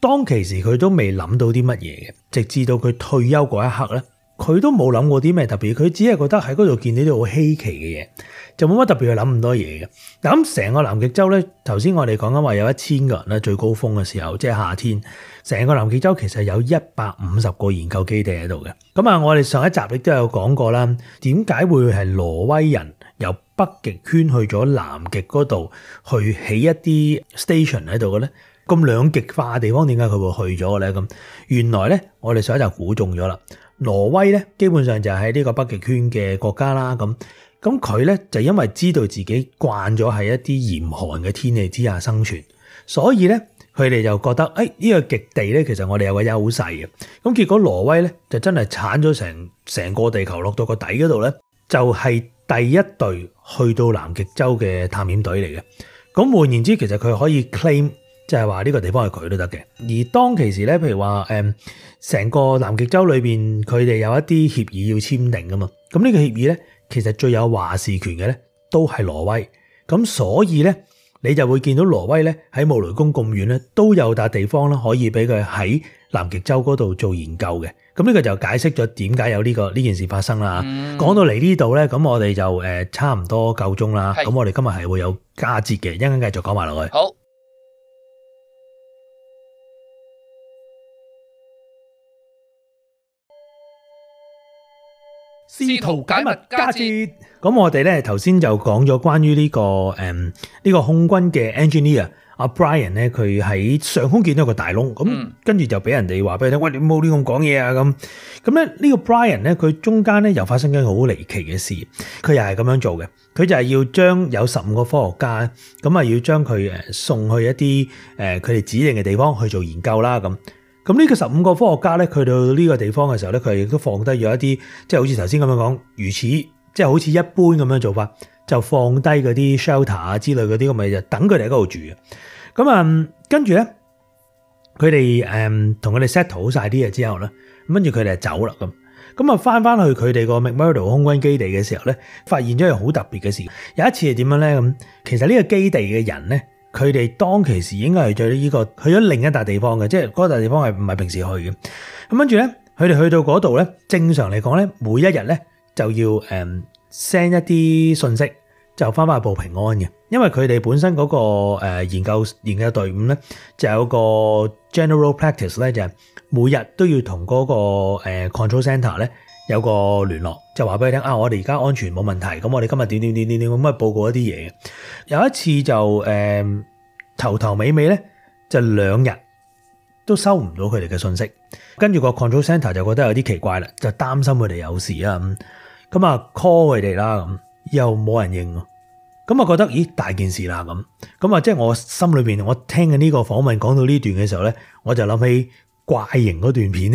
當其時佢都未諗到啲乜嘢嘅，直至到佢退休嗰一刻咧，佢都冇諗過啲咩特別，佢只係覺得喺嗰度見到啲好稀奇嘅嘢，就冇乜特別去諗咁多嘢嘅。咁成個南極洲咧，頭先我哋講緊話有一千個人咧最高峰嘅時候，即係夏天，成個南極洲其實有一百五十個研究基地喺度嘅。咁啊，我哋上一集亦都有講過啦，點解會係挪威人？由北極圈去咗南極嗰度去起一啲 station 喺度嘅咧，咁兩極化地方點解佢會去咗嘅咧？咁原來咧，我哋首先就估中咗啦。挪威咧，基本上就喺呢個北極圈嘅國家啦。咁咁佢咧就因為知道自己慣咗喺一啲嚴寒嘅天氣之下生存，所以咧佢哋就覺得誒呢、哎呢個極地咧，其實我哋有一個優勢嘅。咁結果挪威咧就真係鏟咗成成個地球落到個底嗰度咧，就係、是第一隊去到南極洲嘅探險隊嚟嘅，咁換言之，其實佢可以 claim，就係話呢個地方係佢都得嘅。而當其時咧，譬如話誒，成個南極洲裏面，佢哋有一啲協議要簽訂㗎嘛，咁呢個協議咧，其實最有話事權嘅咧，都係挪威。咁所以咧。你就會見到挪威咧，喺慕雷宮咁遠咧，都有笪地方啦，可以俾佢喺南極洲嗰度做研究嘅。咁呢個就解釋咗點解有呢個呢件事發生啦，嗯。講到嚟呢度咧，咁我哋就誒差唔多夠鐘啦。咁我哋今日係會有加節嘅，一陣間繼續講埋落去。好。試圖解密家書，咁我哋咧頭先就講咗關於、這個嗯這個、控 engineer, 呢個誒呢個空軍嘅 engineer 阿 Brian 咧，佢喺上空見到一個大窿，咁、嗯、跟住就俾人哋話俾佢聽，喂你冇亂咁講嘢啊咁，咁咧呢個 Brian 咧佢中間咧又發生咗一個好離奇嘅事，佢又係咁樣做嘅，佢就係要將有十五個科學家咁啊要將佢送去一啲誒佢哋指定嘅地方去做研究啦咁。咁呢個十五個科學家咧，去到呢個地方嘅時候咧，佢亦都放低咗一啲，即係好似頭先咁樣講，如此即係好似一般咁樣做法，就放低嗰啲 shelter 啊之類嗰啲，咁咪就等佢哋喺度住。咁啊，跟住咧，佢哋誒同佢哋 settle 好晒啲嘢之後咧，咁跟住佢哋就走啦。咁咁啊，翻翻去佢哋個 McMurdo 空軍基地嘅時候咧，發現咗一樣好特別嘅事。有一次係點樣咧？咁其實呢個基地嘅人咧。佢哋當其時應該係去咗呢、呢個去咗另一笪地方嘅，即係嗰個笪地方係唔係平時去嘅。咁跟住咧，佢哋去到嗰度咧，正常嚟講咧，每一日咧就要誒 send 一啲信息就翻返去報平安嘅，因為佢哋本身嗰個研究研究隊伍咧，就有個個 general practice 咧，就係每日都要同嗰個 control center 呢。咧。有個聯絡就話俾你聽啊，我哋而家安全冇問題，咁我哋今日點點點點點咁啊報告一啲嘢。有一次就誒、嗯、頭頭尾尾咧，就兩日都收唔到佢哋嘅信息，跟住個 control center 就覺得有啲奇怪啦，就擔心佢哋有事啊咁。咁啊 call 佢哋啦，咁又冇人應，咁啊覺得咦大件事啦咁。咁啊即係我心裏面，我聽緊呢個訪問講到呢段嘅時候咧，我就諗起怪形嗰段片，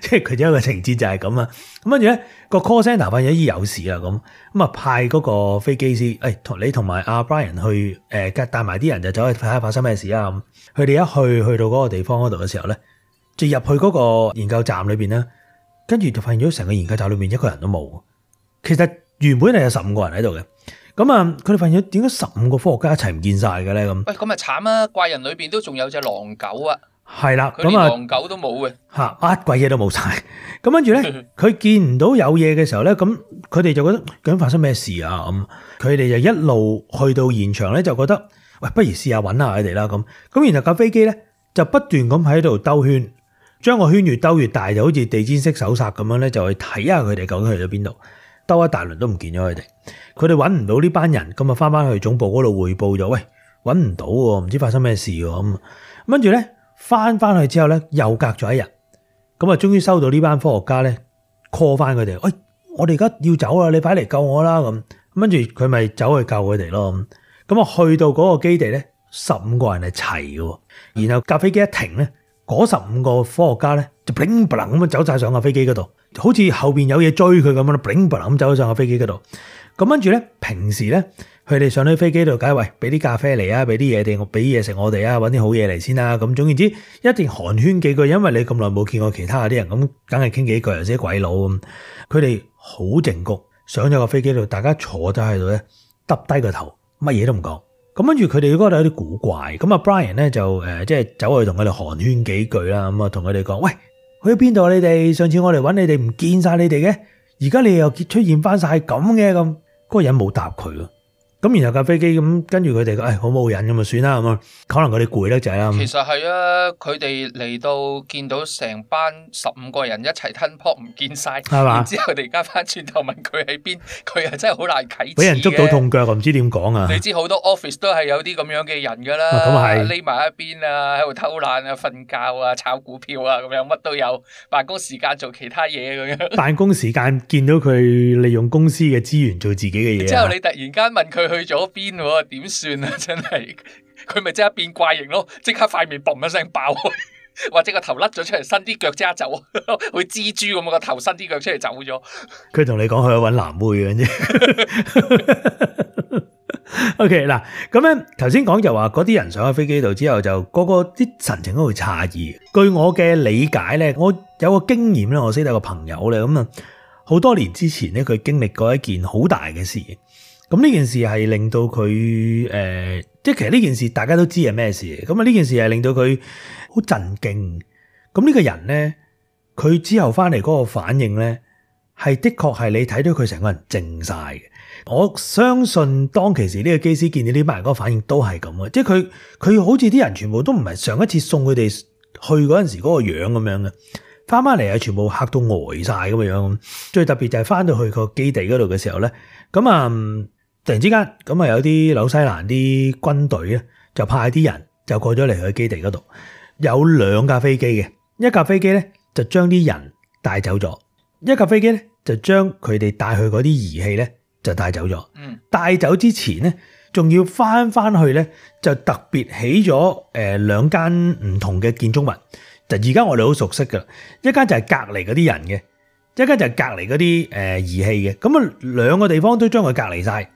即係佢有一個情節就係咁啊！咁跟住咧，個 call center 發現有啲有事啦咁，咁啊派嗰個飛機師，同、哎、你同埋阿 Brian 去誒、呃、帶埋啲人就走去睇下發生咩事啊！咁佢哋一去去到嗰個地方嗰度嘅時候咧，就入去嗰個研究站裏面咧，跟住就發現咗成個研究站裏面一個人都冇。其實原本係有十五個人喺度嘅，咁啊佢哋發現咗點解十五個科學家一齊唔見晒嘅咧咁？喂，咁啊慘啊！怪人裏面都仲有隻狼狗啊！係啦，咁啊，狼狗都冇嘅，吓、啊，乜、啊、鬼嘢都冇晒。咁跟住咧，佢見唔到有嘢嘅時候咧，咁佢哋就覺得究竟發生咩事啊？咁佢哋就一路去到現場咧，就覺得喂，不如試下搵下佢哋啦。咁咁，然後架飛機咧就不斷咁喺度兜圈，將個圈越兜越大，就好似地氈式搜索咁樣咧，就去睇下佢哋究竟去咗邊度。兜一大輪都唔見咗佢哋，佢哋搵唔到呢班人，咁啊翻翻去總部嗰度匯報就喂搵唔到喎，唔知發生咩事喎、啊。咁跟住咧。翻翻去之後咧，又隔咗一日，咁啊，終於收到呢班科學家咧 call 翻佢哋，喂、哎，我哋而家要走啦，你快嚟救我啦咁。跟住佢咪走去救佢哋咯。咁啊，去到嗰個基地咧，十五個人係齊嘅。然後架飛機一停咧，嗰十五個科學家咧就 bling bling 咁走晒上架飛機嗰度，好似後邊有嘢追佢咁樣 bling bling 咁走咗上架飛機嗰度。咁跟住咧，平時咧。佢哋上咗飛機度，解喂，俾啲咖啡嚟啊！俾啲嘢定我俾嘢食我哋啊！揾啲好嘢嚟先啦。咁總言之，一定寒暄幾句，因為你咁耐冇見過其他啲人，咁梗係傾幾句有啲鬼佬咁。佢哋好靜局，上咗個飛機度，大家坐咗喺度咧，耷低個頭，乜嘢都唔講。咁跟住佢哋覺得有啲古怪，咁啊，Brian 咧就誒，即係走去同佢哋寒暄幾句啦。咁啊，同佢哋講喂，去邊度啊？你哋上次我嚟揾你哋唔見晒你哋嘅，而家你又出現翻晒咁嘅咁，嗰個人冇答佢咯。咁然後架飛機咁跟住佢哋，誒好冇癮咁啊，算啦咁啊，可能佢哋攰得滯啦。其實係啊，佢哋嚟到見到成班十五個人一齊吞泡唔見晒，係嘛？然之後佢哋而家翻轉頭問佢喺邊，佢又真係好難啟齒嘅。俾人捉到痛腳，唔知點講啊！你知好多 office 都係有啲咁樣嘅人㗎啦，匿埋一邊啊，喺度偷懶啊、瞓覺啊、炒股票啊，咁樣乜都有。辦公時間做其他嘢咁樣。辦公時間見到佢利用公司嘅資源做自己嘅嘢。之後你突然間問佢去。去咗邊點算啊？真係佢咪即刻變怪形咯，即刻塊面嘣一聲爆開，或者個頭甩咗出嚟，伸啲腳即刻走，好似蜘蛛咁個頭伸啲腳出嚟走咗。佢同你講佢去搵藍妹嘅，總之 O K 嗱，咁咧頭先講就話嗰啲人上喺飛機度之後就，就、那、嗰個啲神情都會詫異。據我嘅理解咧，我有個經驗咧，我識得個朋友咧，咁啊好多年之前咧，佢經歷過一件好大嘅事。咁呢件事係令到佢誒，即、呃、係其實呢件事大家都知係咩事嘅。咁啊，呢件事係令到佢好震驚。咁呢個人咧，佢之後翻嚟嗰個反應咧，係的確係你睇到佢成個人靜晒嘅。我相信當其時呢個機師見到呢班人嗰個反應都係咁嘅，即係佢佢好似啲人全部都唔係上一次送佢哋去嗰陣時嗰個樣咁樣嘅，翻翻嚟啊全部嚇到呆晒咁樣。最特別就係翻到去個基地嗰度嘅時候咧，咁、嗯、啊。突然之間，咁啊有啲紐西蘭啲軍隊咧，就派啲人就過咗嚟佢基地嗰度，有兩架飛機嘅，一架飛機咧就將啲人帶走咗，一架飛機咧就將佢哋帶去嗰啲儀器咧就帶走咗。嗯，帶走之前咧，仲要翻翻去咧，就特別起咗誒兩間唔同嘅建築物，就而家我哋好熟悉㗎喇，一間就係隔離嗰啲人嘅，一間就係隔離嗰啲誒儀器嘅，咁啊兩個地方都將佢隔離晒。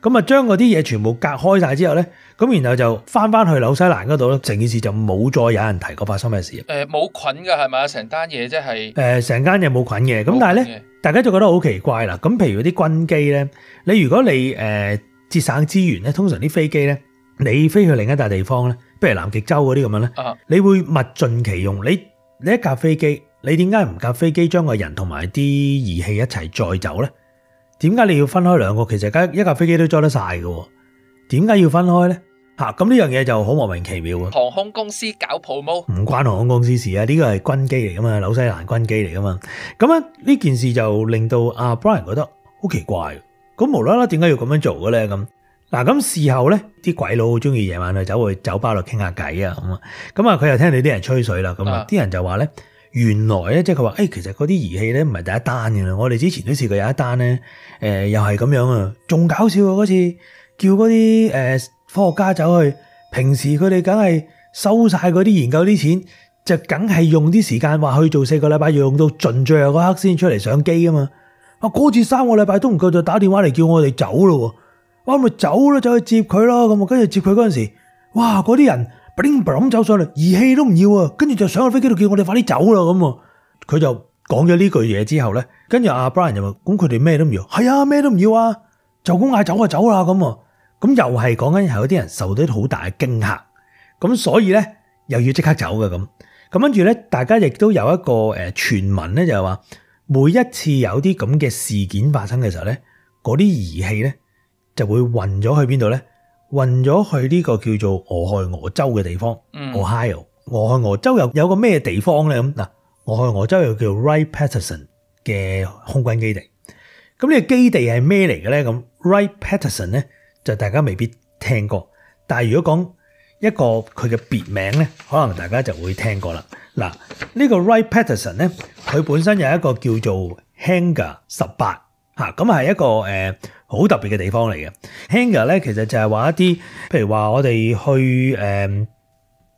咁啊，將嗰啲嘢全部隔開晒之後咧，咁然後就翻翻去紐西蘭嗰度咯，成件事就冇再有人提過發生咩事。誒，冇菌㗎，係咪啊？成單嘢即係誒，成單嘢冇菌嘅。咁、就是呃、但係咧，大家就覺得好奇怪啦。咁譬如嗰啲軍機咧，你如果你誒節、呃、省資源咧，通常啲飛機咧，你飛去另一笪地方咧，譬如南極洲嗰啲咁樣咧，你會物盡其用。你你一架飛機，你點解唔架飛機將個人同埋啲儀器一齊載走咧？點解你要分開兩個？其實一一架飛機都載得晒嘅，點解要分開咧？吓，咁呢樣嘢就好莫名其妙嘅。航空公司搞 promo，唔關航空公司事啊，呢個係軍機嚟噶嘛，紐西蘭軍機嚟噶嘛。咁啊呢件事就令到阿 Brian 覺得好奇怪。咁無啦啦，點解要咁樣做嘅咧？咁嗱咁事後咧，啲鬼佬好中意夜晚去走去酒吧度傾下偈啊咁啊咁啊，佢又聽到啲人吹水啦，咁啊啲人就話咧。原來咧，即係佢話，其實嗰啲儀器咧唔係第一單嘅。我哋之前都試過有一單咧、呃，又係咁樣啊，仲搞笑啊！嗰次叫嗰啲、呃、科學家走去，平時佢哋梗係收晒嗰啲研究啲錢，就梗係用啲時間話去做四個禮拜，要用到盡最後嗰刻先出嚟上機啊嘛。哇！嗰次三個禮拜都唔夠，就打電話嚟叫我哋走咯。哇、啊！咪走咯、啊，走去接佢咯。咁啊，跟住接佢嗰陣時，哇！嗰啲人～bling bling 咁走上嚟，儀器都唔要啊，跟住就上喺飛機度叫我哋快啲走啦咁啊！佢就講咗呢句嘢之後咧，跟住阿 Brian 就話：，咁佢哋咩都唔要，係啊，咩都唔要啊，就咁嗌走，走啊，走啦咁啊！咁又係講緊係有啲人受到好大嘅驚嚇，咁所以咧又要即刻走嘅咁。咁跟住咧，大家亦都有一個誒傳聞咧，就係話每一次有啲咁嘅事件發生嘅時候咧，嗰啲儀器咧就會運咗去邊度咧？運咗去呢個叫做俄亥俄州嘅地方，Ohio。俄亥俄州有有個咩地方咧咁？嗱，俄亥俄州又叫 Wright Patterson 嘅空軍基地。咁呢個基地係咩嚟嘅咧？咁 Wright Patterson 咧就大家未必聽過，但係如果講一個佢嘅別名咧，可能大家就會聽過啦。嗱，呢個 Wright Patterson 咧，佢本身有一個叫做 Hangar 十八嚇，咁係一個誒。呃好特別嘅地方嚟嘅，hangar 咧其實就係話一啲，譬如話我哋去誒、嗯、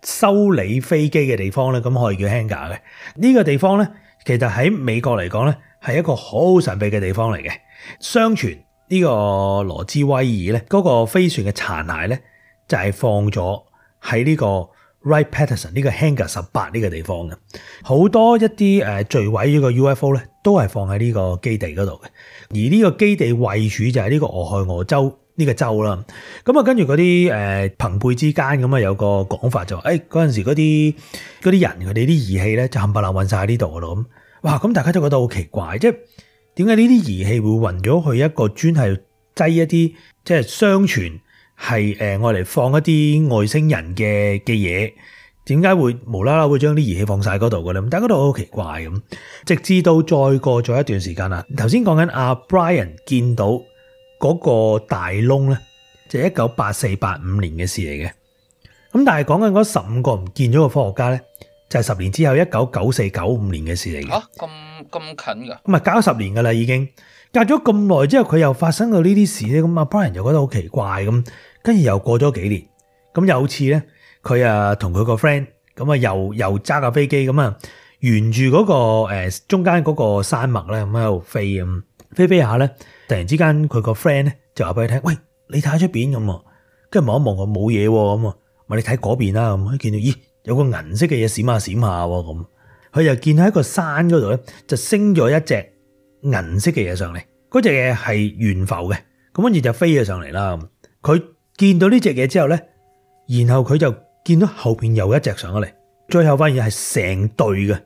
修理飛機嘅地方咧，咁可以叫 hangar 嘅。呢個地方咧，其實喺美國嚟講咧，係一個好神秘嘅地方嚟嘅。相傳呢個羅斯威爾咧，嗰個飛船嘅殘骸咧，就係放咗喺呢個。Wright-Patterson 呢個 Hangar 十八呢個地方嘅，好多一啲誒墜毀咗個 UFO 咧，都係放喺呢個基地嗰度嘅。而呢個基地位處就係呢個俄亥俄州呢個州啦。咁啊，跟住嗰啲誒朋輩之間咁啊，有個講法就話、是：誒嗰陣時嗰啲啲人佢哋啲儀器咧，就冚唪唥運晒喺呢度嘅。咁哇，咁大家都覺得好奇怪，即係點解呢啲儀器會運咗去一個專係擠一啲即係相傳？係誒，我嚟放一啲外星人嘅嘅嘢，點解會無啦啦會將啲儀器放晒嗰度嘅咧？咁但係嗰度好奇怪咁。直至到再過咗一段時間啦，頭先講緊阿 Brian 見到嗰個大窿咧，就係一九八四八五年嘅事嚟嘅。咁但係講緊嗰十五個唔見咗個科學家咧，就係十年之後一九九四九五年嘅事嚟嘅。吓，咁咁近噶？唔係隔咗十年噶啦，已經隔咗咁耐之後，佢又發生咗呢啲事咧。咁阿 Brian 就覺得好奇怪咁。跟住又過咗幾年，咁有次咧，佢啊同佢個 friend，咁啊又又揸架飛機咁啊，沿住嗰個誒中間嗰個山脈咧，咁喺度飛咁，飛飛下咧，突然之間佢個 friend 咧就話俾佢聽，喂，你睇下出面咁，跟住望一望，我冇嘢喎咁啊，咪你睇嗰邊啦咁，一見到咦，有個銀色嘅嘢閃下閃下喎咁，佢就見喺個山嗰度咧，就升咗一隻銀色嘅嘢上嚟，嗰隻嘢係懸浮嘅，咁跟住就飛咗上嚟啦，佢。見到呢隻嘢之後咧，然後佢就見到後邊又一隻上咗嚟，最後發現係成對嘅，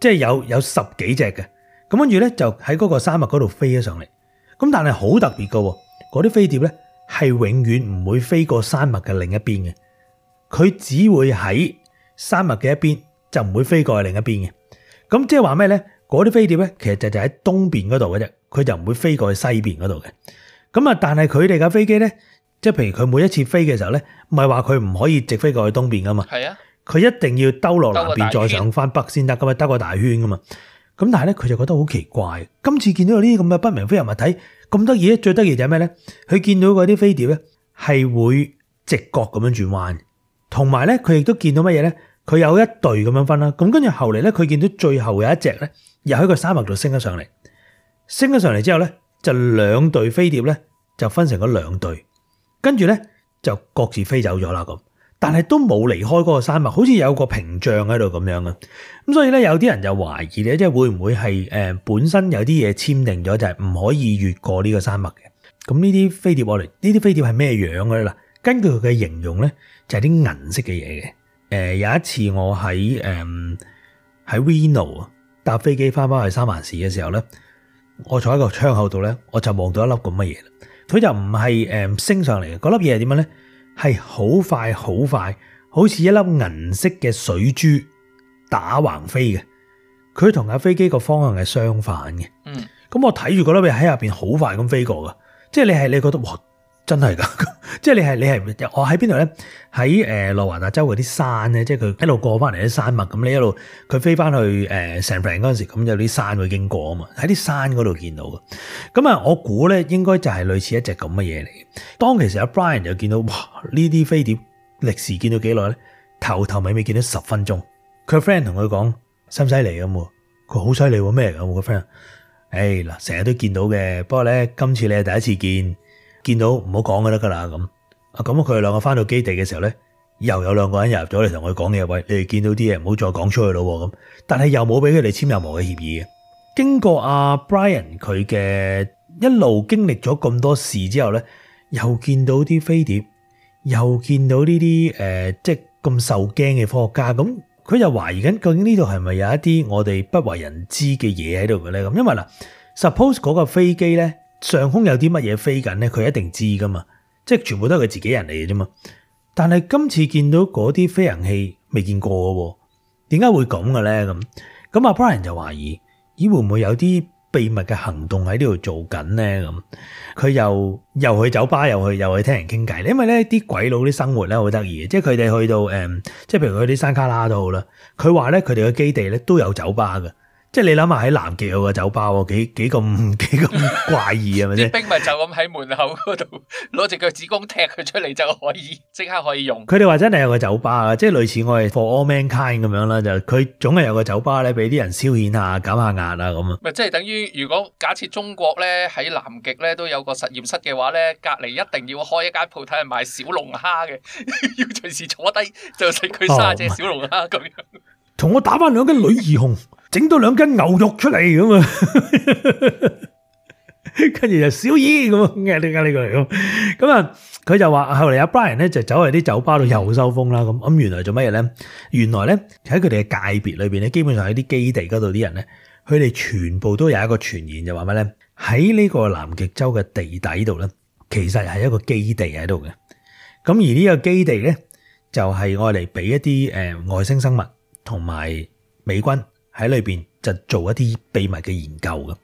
即係有有十幾隻嘅。咁跟住咧就喺嗰個山脈嗰度飛咗上嚟。咁但係好特別嘅，嗰啲飛碟咧係永遠唔會飛過山脈嘅另一邊嘅，佢只會喺山脈嘅一邊就唔會飛過去另一邊嘅。咁即係話咩咧？嗰啲飛碟咧其實就就喺東邊嗰度嘅啫，佢就唔會飛過去西邊嗰度嘅。咁啊，但係佢哋架飛機咧。即係，譬如佢每一次飛嘅時候咧，唔係話佢唔可以直飛過去東邊噶嘛，係啊，佢一定要兜落南邊再上翻北先得噶嘛，兜個大圈噶嘛。咁但係咧，佢就覺得好奇怪。今次見到有呢啲咁嘅不明飛行物體咁得意，最得意就係咩咧？佢見到嗰啲飛碟咧係會直角咁樣轉彎，同埋咧佢亦都見到乜嘢咧？佢有一隊咁樣分啦，咁跟住後嚟咧，佢見到最後有一隻咧，又喺個沙漠度升咗上嚟，升咗上嚟之後咧，就兩隊飛碟咧就分成咗兩隊。跟住咧就各自飛走咗啦，咁但係都冇離開嗰個山脈，好似有個屏障喺度咁樣嘅。咁所以咧有啲人就懷疑咧，即係會唔會係、呃、本身有啲嘢簽訂咗，就係唔可以越過呢個山脈嘅。咁呢啲飛碟我嚟，呢啲飛碟係咩樣嘅咧？嗱，根據佢嘅形容咧，就係啲銀色嘅嘢嘅。有一次我喺誒喺 Vino 搭飛機翻返去三藩市嘅時候咧，我坐喺個窗口度咧，我就望到一粒咁乜嘢。佢就唔係升上嚟嘅，嗰粒嘢係點樣呢？係好快好快，好似一粒銀色嘅水珠打橫飛嘅。佢同架飛機個方向係相反嘅。嗯，咁我睇住嗰粒嘢喺下面好快咁飛過㗎。即係你係你覺得哇！真係噶，即係你係你係我喺邊度咧？喺誒諾華達州嗰啲山咧，即係佢一路過翻嚟啲山脈。咁你一路佢飛翻去誒聖弗蘭嗰陣時，咁有啲山會經過啊嘛。喺啲山嗰度見到嘅。咁啊，我估咧應該就係類似一隻咁嘅嘢嚟。當其實阿 Brian 又見到哇，呢啲飛碟歷時見到幾耐咧？頭頭尾尾見到十分鐘。佢 friend 同佢講，犀唔犀利咁喎，佢好犀利喎咩？我個 friend，誒嗱，成日、啊啊哎、都見到嘅。不過咧，今次你係第一次見。見到唔好講嘅得噶啦咁，啊咁佢哋兩個翻到基地嘅時候咧，又有兩個人入咗嚟同佢講嘢，喂，你哋見到啲嘢唔好再講出去咯咁，但係又冇俾佢哋簽任何嘅協議嘅。經過阿 Brian 佢嘅一路經歷咗咁多事之後咧，又見到啲飛碟，又見到呢啲誒，即係咁受驚嘅科學家，咁佢又懷疑緊究竟呢度係咪有一啲我哋不為人知嘅嘢喺度嘅咧？咁因為啦，suppose 嗰架飛機咧。上空有啲乜嘢飛緊咧？佢一定知噶嘛，即係全部都係佢自己人嚟嘅啫嘛。但係今次見到嗰啲飛行器未見過喎，點解會咁嘅咧？咁咁阿布蘭就懷疑咦，會唔會有啲秘密嘅行動喺呢度做緊咧？咁佢又又去酒吧，又去又去聽人傾偈。因為咧啲鬼佬啲生活咧好得意嘅，即係佢哋去到、嗯、即係譬如去啲山卡拉都好啦。佢話咧佢哋嘅基地咧都有酒吧嘅。即係你諗下喺南極有個酒吧，幾幾咁幾咁怪異係咪先？士 兵咪就咁喺門口嗰度攞隻腳趾公踢佢出嚟，就可以，即刻可以用。佢哋話真係有個酒吧，即係類似我哋 For All Mankind 咁樣啦，就佢總係有個酒吧咧，俾啲人消遣下、減下壓啊咁啊。咪即係等於如果假設中國咧喺南極咧都有個實驗室嘅話咧，隔籬一定要開一間鋪，睇下賣小龍蝦嘅，要隨時坐低就食佢三隻小龍蝦咁樣。同 我打翻兩斤女兒紅。整到兩斤牛肉出嚟咁啊！跟 住就小二咁啊，嗌你嗌你過嚟咁啊，佢就話後嚟阿 Brian 咧就走去啲酒吧度又收風啦。咁咁原來做乜嘢咧？原來咧喺佢哋嘅界別裏邊咧，基本上喺啲基地嗰度啲人咧，佢哋全部都有一個傳言，就話咩咧？喺呢個南極洲嘅地底度咧，其實係一個基地喺度嘅。咁而呢個基地咧，就係愛嚟俾一啲誒外星生物同埋美軍。喺裏邊就做一啲秘密嘅研究嘅。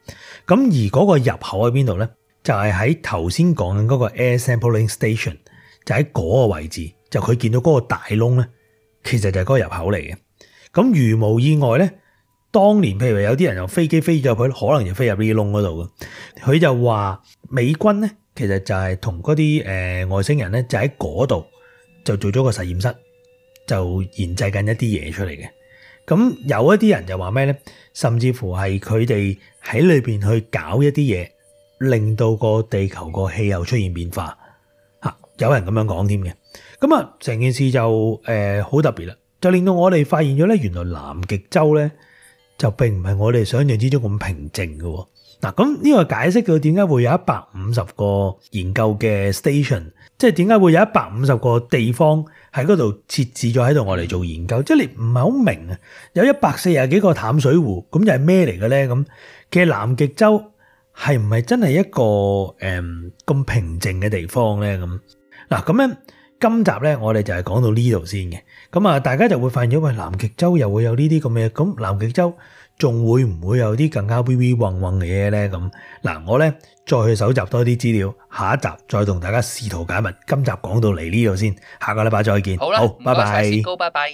咁而嗰個入口喺邊度咧？就係喺頭先講緊嗰個 Air Sampling Station，就喺嗰個位置，就佢見到嗰個大窿咧，其實就係嗰個入口嚟嘅。咁如無意外咧，當年譬如有啲人由飛機飛咗入去，可能就飛入呢啲窿嗰度嘅。佢就話美軍咧，其實就係同嗰啲誒外星人咧，就喺嗰度就做咗個實驗室，就研製緊一啲嘢出嚟嘅。咁有一啲人就話咩呢？甚至乎係佢哋喺裏邊去搞一啲嘢，令到個地球個氣候出現變化吓，有人咁樣講添嘅。咁啊，成件事就呃、好特別啦，就令到我哋發現咗呢，原來南極洲呢，就並唔係我哋想象之中咁平靜嘅。嗱，咁呢個解釋到點解會有一百五十個研究嘅 station，即係點解會有一百五十個地方？喺嗰度設置咗喺度，我嚟做研究，即係你唔係好明啊！有一百四十幾個淡水湖，咁又係咩嚟嘅咧？咁其實南極洲係唔係真係一個誒咁、嗯、平靜嘅地方咧？咁嗱，咁樣今集咧，我哋就係講到呢度先嘅。咁啊，大家就會發現，因為南極洲又會有呢啲咁嘅，咁南極洲。仲會唔會有啲更加 V V 晃晃嘅嘢呢？咁嗱，我呢，再去搜集多啲資料，下一集再同大家試圖解密。今集講到嚟呢度先，下個禮拜再見。好啦，好，拜拜，謝謝拜拜。